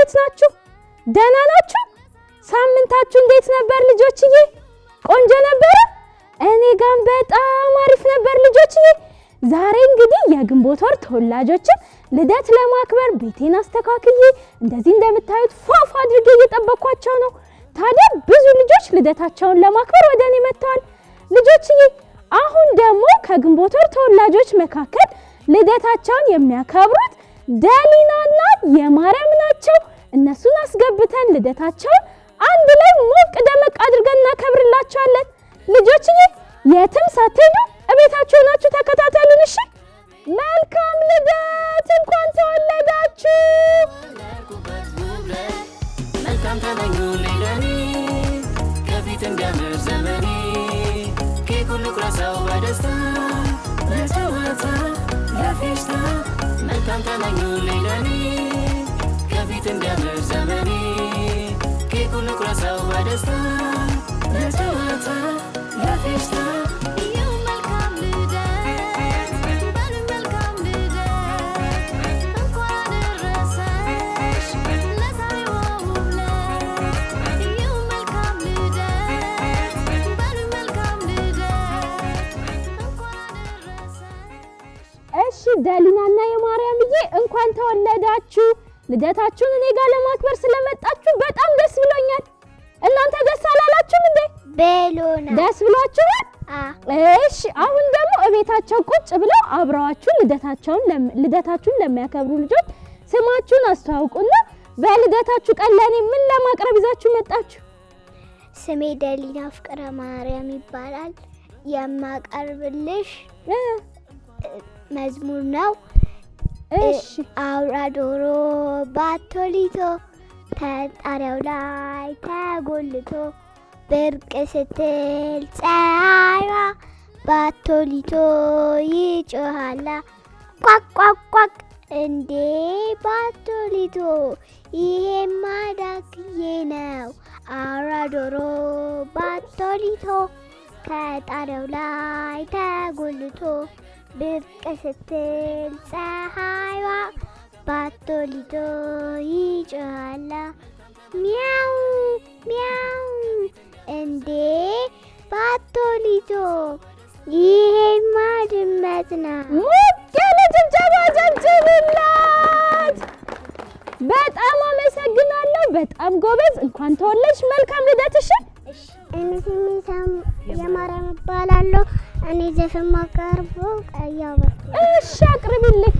እንዴት ናችሁ? ደህና ናችሁ? ሳምንታችሁ እንዴት ነበር ልጆችዬ? ቆንጆ ነበረ? እኔ ጋም በጣም አሪፍ ነበር ልጆችዬ። ዛሬ እንግዲህ የግንቦት ወር ተወላጆችን ልደት ለማክበር ቤቴን አስተካክዬ እንደዚህ እንደምታዩት ፏፏ አድርጌ እየጠበኳቸው ነው። ታዲያ ብዙ ልጆች ልደታቸውን ለማክበር ወደ እኔ መጥተዋል ልጆችዬ። አሁን ደግሞ ከግንቦት ወር ተወላጆች መካከል ልደታቸውን የሚያከብሩት ደሊናና የማርያም ናቸው። እነሱን አስገብተን ልደታቸውን አንድ ላይ ሞቅ ደመቅ አድርገን እናከብርላቸዋለን። ልጆችዬ የትም ሳትሄዱ እቤታችሁ ናችሁ፣ ተከታተሉን እሺ። መልካም ልደት! እንኳን ተወለዳችሁ! መልካም ተመኙ ሌለኔ ከፊት እንዲያምር ዘመኔ ኬክ ሁሉ ቁረሳው በደስታ ለጨዋታ ለፌሽታ መልካም ተመኙ ሌለኔ እንዴት እንደምር ዘመኔ ኬኩን ልቁረሰው በደስታ ለጨዋታ ለፌሽታ ልደታችሁን እኔ ጋር ለማክበር ስለመጣችሁ በጣም ደስ ብሎኛል። እናንተ ደስ አላላችሁም እንዴ? በሎና ደስ ብሏችኋል? እሺ፣ አሁን ደግሞ እቤታቸው ቁጭ ብለው አብረዋችሁ ልደታቸውን ልደታችሁን ለሚያከብሩ ልጆች ስማችሁን አስተዋውቁና በልደታችሁ ቀን ለእኔ ምን ለማቅረብ ይዛችሁ መጣችሁ? ስሜ ደሊና ፍቅረ ማርያም ይባላል። የማቀርብልሽ መዝሙር ነው እሺ አውራ ዶሮ ባቶሊቶ ከጣሪያው ላይ ተጎልቶ ብርቅ ስትል ፀሐይዋ ባቶሊቶ ይጮኋላ ቋቋቋቅ እንዴ ባቶሊቶ ይሄ ዳክዬ ነው። አውራ ዶሮ ባቶሊቶ ከጣሪያው ላይ ተጎልቶ ብቅ ስትል ፀሐይዋ ባቶ ሊቶ ይጮኋላ ሚያው ሚያው እንዴ ባቶ ሊቶ ይሄማ ድመት ነው። ሞቅ ያለ ጭብጨባ ጨብጭቡላት። በጣም አመሰግናለሁ። በጣም ጎበዝ። እንኳን ተወለድሽ። መልካም ልደትሽን። እኔ ስሜ የማርያም እባላለሁ። እኔ ዘፈን ማቀርበው ቀይ እሺ አቅርቢልኝ።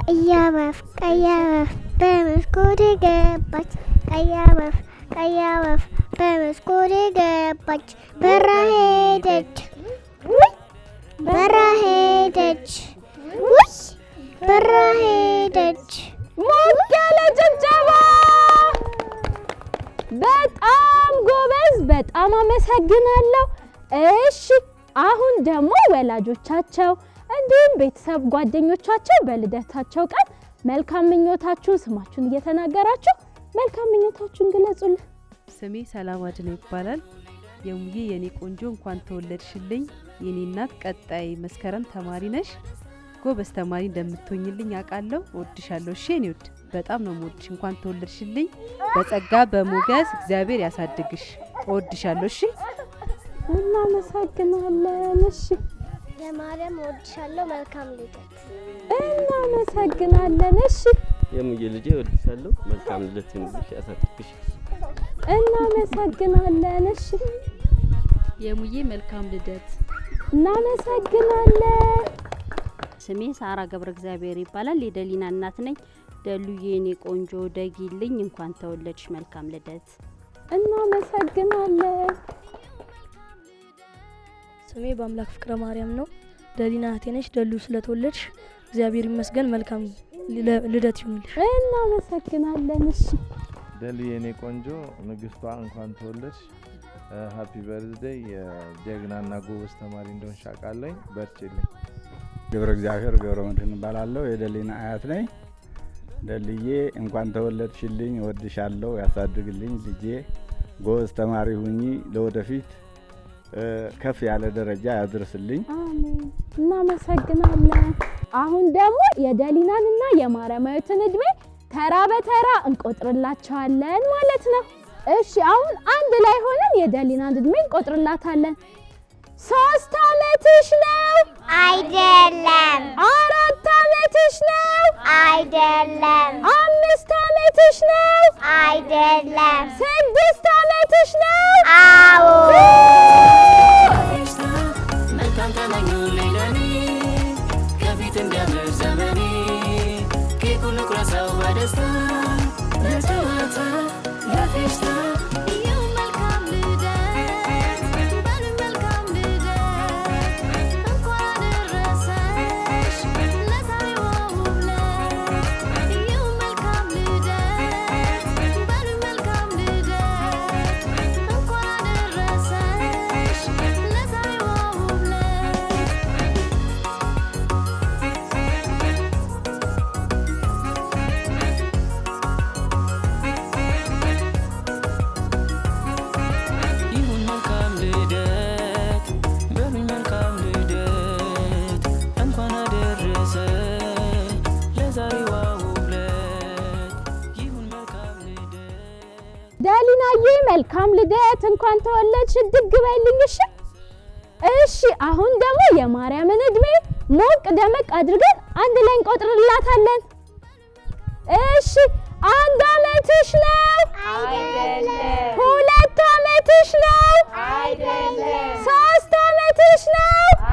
ቀይ አበባ በመስኮቴ ገባች፣ ቀይ አበባ በመስኮቴ ገባች፣ በራ ሄደች፣ ውይ በራ ሄደች፣ ውይ በራ ሄደች። ሞቅ ያለ ጭብጨባ! በጣም ጎበዝ፣ በጣም አመሰግናለሁ። እሺ አሁን ደግሞ ወላጆቻቸው እንዲሁም ቤተሰብ ጓደኞቻቸው በልደታቸው ቀን መልካም ምኞታችሁን ስማችሁን እየተናገራችሁ መልካም ምኞታችሁን ግለጹልን። ስሜ ሰላም አድነው ይባላል። የሙዬ የኔ ቆንጆ እንኳን ተወለድሽልኝ የኔ እናት። ቀጣይ መስከረም ተማሪ ነሽ። ጎበዝ ተማሪ እንደምትሆኝልኝ አውቃለሁ። እወድሻለሁ። እሺ የኔ ውድ በጣም ነው የምወድሽ። እንኳን ተወለድሽልኝ። በጸጋ በሞገስ እግዚአብሔር ያሳድግሽ። እወድሻለሁ። እሺ እናመሰግናለን። እሺ የማርያም እወድሻለሁ። መልካም ልደት። እናመሰግናለን። እሺ የሙዬ ልጄ እወድሻለሁ። መልካም ልደት ይሁንልሽ፣ ያሳትፍሽ። እናመሰግናለን። እሺ የሙዬ መልካም ልደት። እናመሰግናለን። ስሜ ሳራ ገብረ እግዚአብሔር ይባላል። የደሊና እናት ነኝ። ደሉዬ የኔ ቆንጆ ደጊልኝ፣ እንኳን ተወለድሽ። መልካም ልደት። እናመሰግናለን። ስሜ በአምላክ ፍቅረ ማርያም ነው። ደሊና እህቴ ደሉ ስለተወለድሽ እግዚአብሔር ይመስገን። መልካም ልደት ይሁንልሽ። እናመሰግናለን። እሺ ደሉ የእኔ ቆንጆ ንግስቷ እንኳን ተወለድሽ። ሀፒ በርዝደይ። የጀግናና ጎበዝ ተማሪ እንደሆን ሻቃለኝ። በርችልኝ። ግብረ እግዚአብሔር ገብረ መድህን እባላለሁ። የደሊና አያት ነኝ። ደልዬ እንኳን ተወለድሽልኝ። ወድሻለሁ። ያሳድግልኝ ልጄ። ጎበዝ ተማሪ ሁኚ ለወደፊት ከፍ ያለ ደረጃ ያድርስልኝ። እናመሰግናለን። አሁን ደግሞ የደሊናን እና የማርያማዊትን እድሜ ተራ በተራ እንቆጥርላቸዋለን ማለት ነው። እሺ፣ አሁን አንድ ላይ ሆነን የደሊናን እድሜ እንቆጥርላታለን። ሶስት አመትሽ ነው አይደለም? አራት አመትሽ ነው አይደለም? አምስት አመትሽ ነው አይደለም? ስድስት አመትሽ ነው? አዎ። መልካም ተመኙ ለኔ ከፊት እንደም የዛሬዋ ውለት ይሁን መልካም ልደት። ደሊናዬ መልካም ልደት፣ እንኳን ተወለድሽ፣ ድግ በይልኝሽ። እሺ አሁን ደግሞ የማርያምን እድሜ ሞቅ ደመቅ አድርገን አንድ ላይ እንቆጥርላታለን። እሺ አንድ አመትሽ ነው አይደለም? ሁለት አመትሽ ነው አይደለም? ሶስት አመትሽ ነው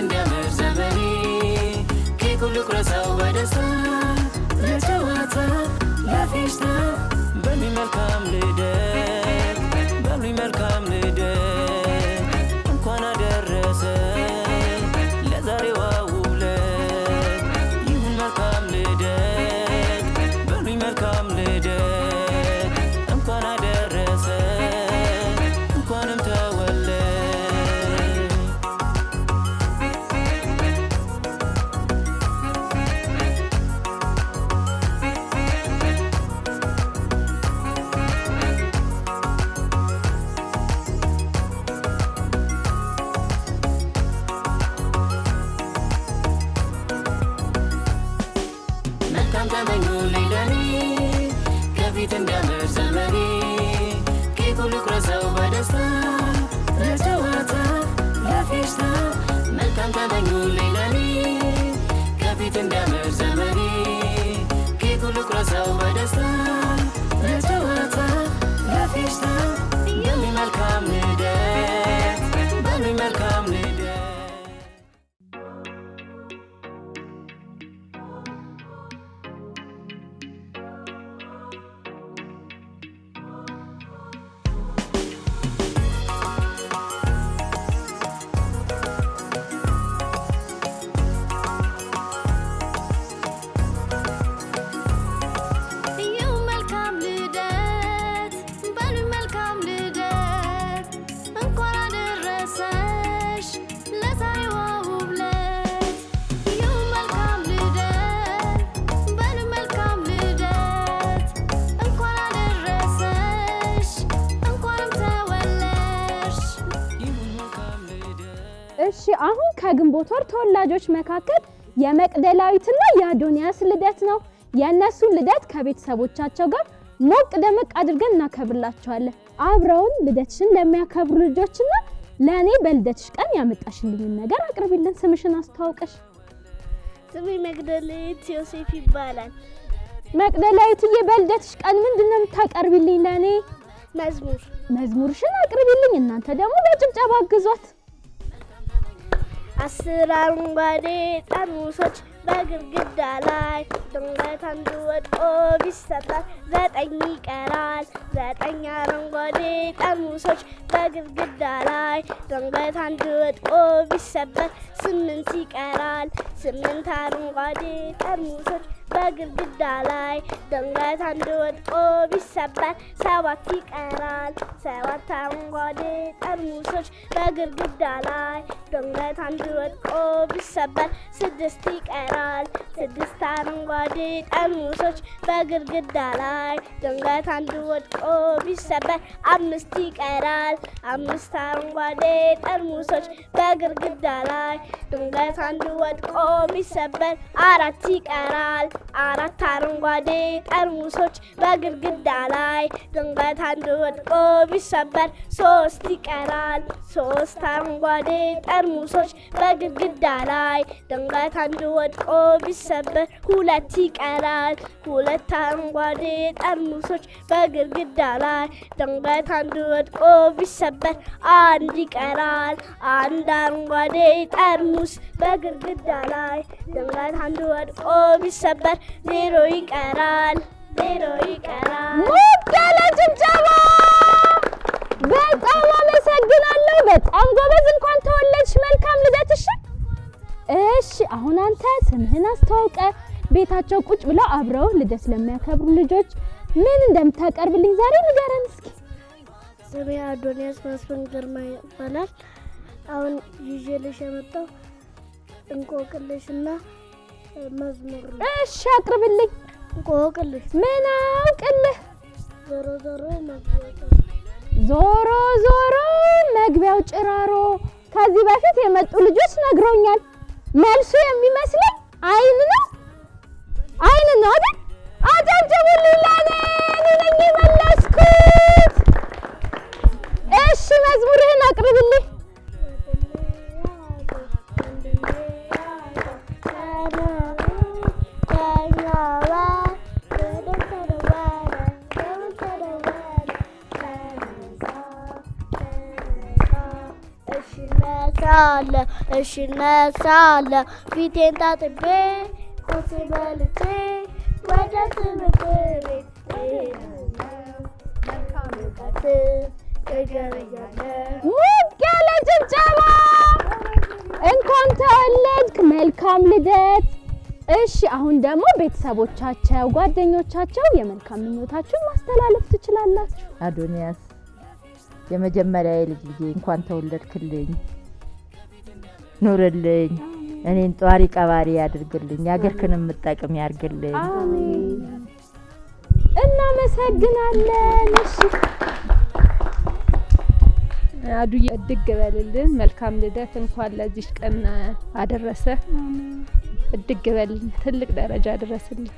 እንዲያምር ዘመኔ ኬኩን ልቁረሰው በደስታ ለጨዋታ ለፌሽታ መልካም ተመኙልኝ ለኔ ከፊት እንዳምር ዘመኔ ኬኩን ልቁረሰው በደስታ ከግንቦት ወር ተወላጆች መካከል የመቅደላዊትና የአዶንያስ ልደት ነው። የእነሱን ልደት ከቤተሰቦቻቸው ጋር ሞቅ ደመቅ አድርገን እናከብርላቸዋለን። አብረውን ልደትሽን ለሚያከብሩ ልጆችና ለእኔ በልደትሽ ቀን ያመጣሽልኝን ነገር አቅርቢልን። ስምሽን አስተዋውቀሽ። ስሜ መቅደላዊት ዮሴፍ ይባላል። መቅደላዊትዬ፣ በልደትሽ ቀን ምንድን ነው የምታቀርቢልኝ ለእኔ? መዝሙር መዝሙርሽን አቅርቢልኝ። እናንተ ደግሞ በጭብጨባ አግዟት። አስር አረንጓዴ ጠርሙሶች በግድግዳ ላይ ድንገት አንዱ ወድቆ ቢሰበር ዘጠኝ ይቀራል። ዘጠኝ አረንጓዴ ጠርሙሶች በግድግዳ ላይ ድንገት አንዱ ወድቆ ቢሰበር ስምንት ይቀራል። ስምንት አረንጓዴ ጠርሙሶች በግድግዳ ላይ ድንገት አንድ ወድቆ ቢሰበር ሰባት ይቀራል። ሰባት አረንጓዴ ጠርሙሶች በግድግዳ ላይ ድንገት አንድ ወድቆ ቢሰበር ስድስት ይቀራል። ስድስት አረንጓዴ ጠርሙሶች በግድግዳ ላይ ድንገት አንድ ወድቆ ቢሰበር አምስት ይቀራል። አምስት አረንጓዴ ጠርሙሶች በግድግዳ ላይ ድንገት አንድ ወድቆ ቢሰበር አራት ይቀራል። አራት አረንጓዴ ጠርሙሶች በግድግዳ ላይ ድንገት አንዱ ወድቆ ቢሰበር ሶስት ይቀራል። ሶስት አረንጓዴ ጠርሙሶች በግድግዳ ላይ ድንገት አንዱ ወድቆ ቢሰበር ሁለት ይቀራል። ሁለት አረንጓዴ ጠርሙሶች በግድግዳ ላይ ድንገት አንዱ ወድቆ ቢሰበር አንድ ይቀራል። አንድ አረንጓዴ ጠርሙስ በግድግዳ ላይ ድንገት አንዱ ወድቆ ቢሰበር ነበር። ዜሮ ይቀራል፣ ዜሮ ይቀራል። ሞቅ ያለ ጭብጨባ! በጣም አመሰግናለሁ። በጣም ጎበዝ። እንኳን ተወለድሽ። መልካም ልደት። እሺ፣ እሺ። አሁን አንተ ስምህን አስተዋውቀ ቤታቸው ቁጭ ብለው አብረው ልደት ለሚያከብሩ ልጆች ምን እንደምታቀርብልኝ ዛሬ ንገረን እስኪ። ስሜ አዶንያስ መስፍን ግርማ ይባላል። አሁን ይዤልሽ የመጣው እንቆቅልሽና መዝሙር እሺ፣ አቅርብልኝ። ቆቅልህ ምን አውቅልህ ዞሮ ዞሮ ዞሮ ዞሮ መግቢያው ጭራሮ። ከዚህ በፊት የመጡ ልጆች ነግረውኛል። መልሱ የሚመስለኝ አይን ነው፣ አይን ነው አይደል? አጨብጭቡልኝ ለእኔ ነኝ የመለስኩት። እሺ፣ መዝሙርህን አቅርብልኝ አለ እሺ ነሳ አለ ፊቴን ታጥቤ ቁርስ በልቼ ወደ ትምህርት ቤት ውድ ያለ ጭብጨባ እንኳን ተወለድክ፣ መልካም ልደት። እሺ አሁን ደግሞ ቤተሰቦቻቸው፣ ጓደኞቻቸው የመልካም ምኞታችሁን ማስተላለፍ ትችላላችሁ። አዶንያስ የመጀመሪያ የልጅ ልጄ እንኳን ተወለድክልኝ ኑርልኝ እኔን ጧሪ ቀባሪ ያድርግልኝ። ያገርክን የምጠቅም ያርግልኝ። እናመሰግናለን። እሺ አዱዬ እድግ በልልን። መልካም ልደት። እንኳን ለዚች ቀን አደረሰ። እድግ በልልን። ትልቅ ደረጃ አደረስልን።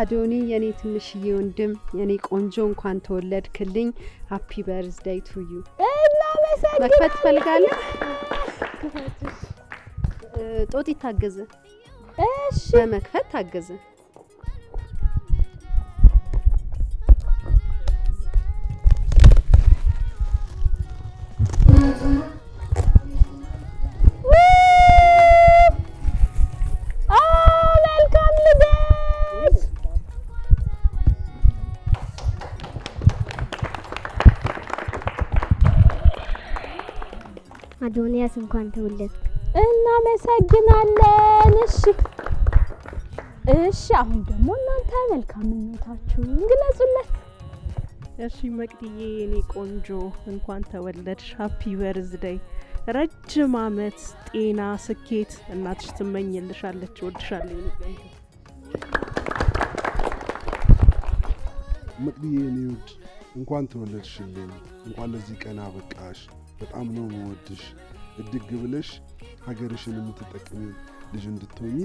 አዶኒ የኔ ትንሽዬ ወንድም የኔ ቆንጆ እንኳን ተወለድክልኝ። ሀፒ በርዝዳይ ቱዩ። እናመሰግናለን። መክፈት ትፈልጋለን? ጦት ይታገዘ እሺ በመክፈት ታገዘ ኤርሚያስ እንኳን ተወለድክ። እናመሰግናለን። እሺ እሺ፣ አሁን ደግሞ እናንተ መልካም ምኞታችሁን ግለጹለት። እሺ መቅድዬ፣ የኔ ቆንጆ እንኳን ተወለድሽ። ሀፒ በርዝደይ ረጅም አመት ጤና፣ ስኬት እናትሽ ትመኝልሻለች። ወድሻለሁ። መቅድዬ የኔ ውድ እንኳን ተወለድሽልኝ። እንኳን ለዚህ ቀን አበቃሽ። በጣም ነው መወድሽ እድግ ብለሽ ሀገርሽን የምትጠቅሚ ልጅ እንድትሆኚ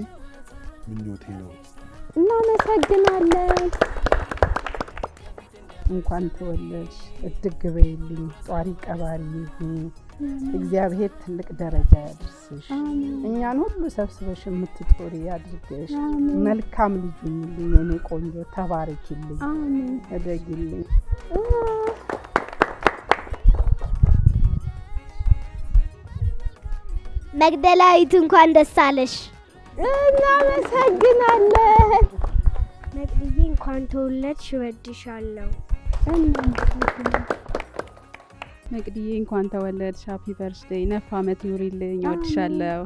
ምኞቴ ነው። እናመሰግናለን። እንኳን ተወለድሽ፣ እድግ በይልኝ፣ ጧሪ ቀባሪ እግዚአብሔር ትልቅ ደረጃ ያደርስሽ፣ እኛን ሁሉ ሰብስበሽ የምትጦሪ ያድርገሽ። መልካም ልጅ ሁኚልኝ፣ የኔ ቆንጆ ተባረኪልኝ፣ እደግልኝ። መግደላዊት እንኳን ደስ አለሽ። እናመሰግናለን። መቅድዬ እንኳን ተወለድሽ፣ እወድሻለሁ። መቅድዬ እንኳን ተወለድሽ፣ ሃፒ በርዝዴይ። ነፍ አመት ይኑሪልኝ፣ እወድሻለሁ።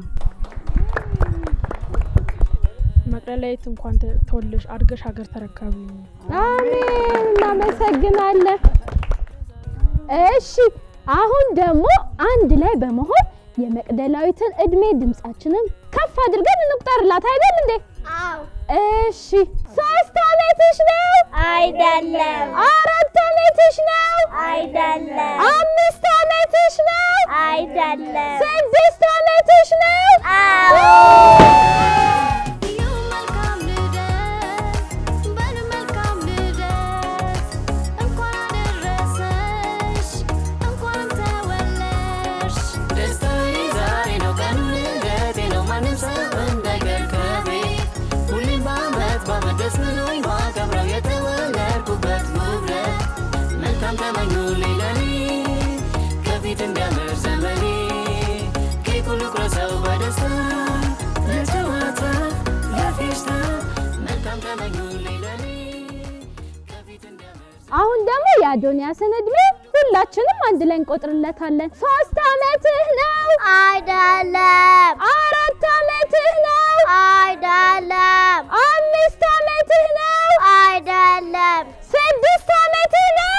መቅደላዊት እንኳን ተወለድሽ፣ አድገሽ ሀገር ተረካቢ። አሜን። እናመሰግናለን። እሺ አሁን ደግሞ አንድ ላይ በመሆን የመቅደላዊትን እድሜ ድምጻችንን ከፍ አድርገን እንቁጠርላት። አይደል እንዴ? አዎ። እሺ። ሶስት አመትሽ ነው? አይደለም። አራት አመትሽ ነው? አይደለም። አምስት አመትሽ ነው? አይደለም። ስድስት አመትሽ ነው? አዎ። አሁን ደግሞ የአዶንያስን እድሜ ሁላችንም አንድ ላይ እንቆጥርለታለን። ሶስት አመትህ ነው አይደለም? አራት አመትህ ነው አይደለም? አምስት አመትህ ነው አይደለም? ስድስት አመትህ ነው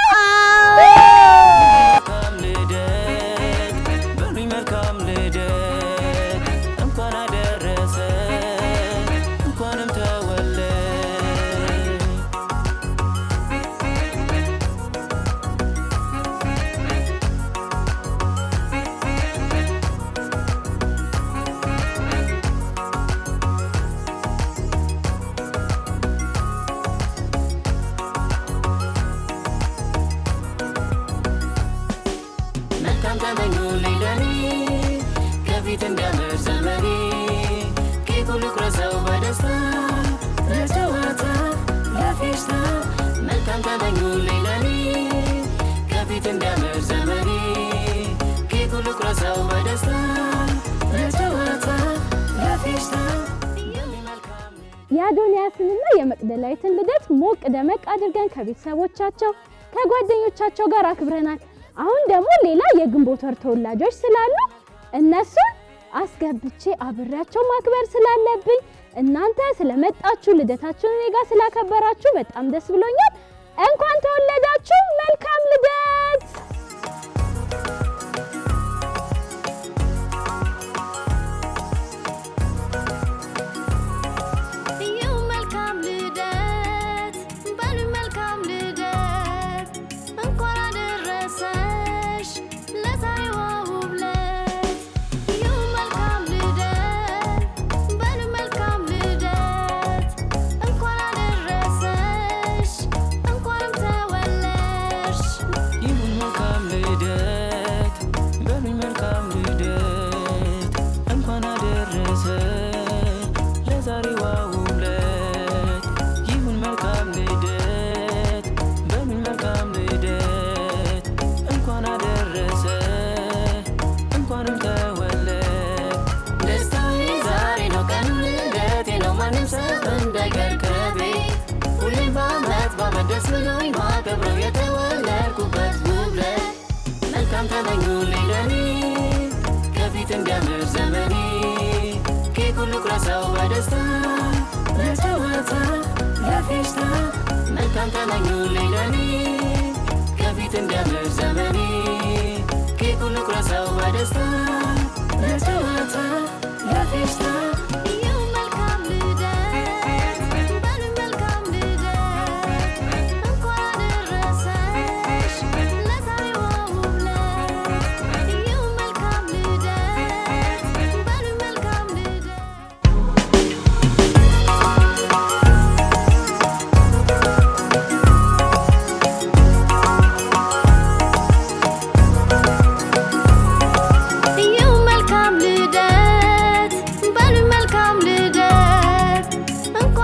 ለደስታ ለጨዋታ የአዶንያስንና የመቅደላዊትን ልደት ሞቅ ደመቅ አድርገን ከቤተሰቦቻቸው ከጓደኞቻቸው ጋር አክብረናል። አሁን ደግሞ ሌላ የግንቦት ወር ተወላጆች ስላሉ እነሱ አስገብቼ አብሬያቸው ማክበር ስላለብኝ እናንተ ስለመጣችሁ ልደታችሁን እኔ ጋር ስላከበራችሁ በጣም ደስ ብሎኛል። እንኳን ተወለዳችሁ። መልካም ልደት ኑልኝ ለኔ ከፊት እንደምር ዘመኔ ኬኩሉ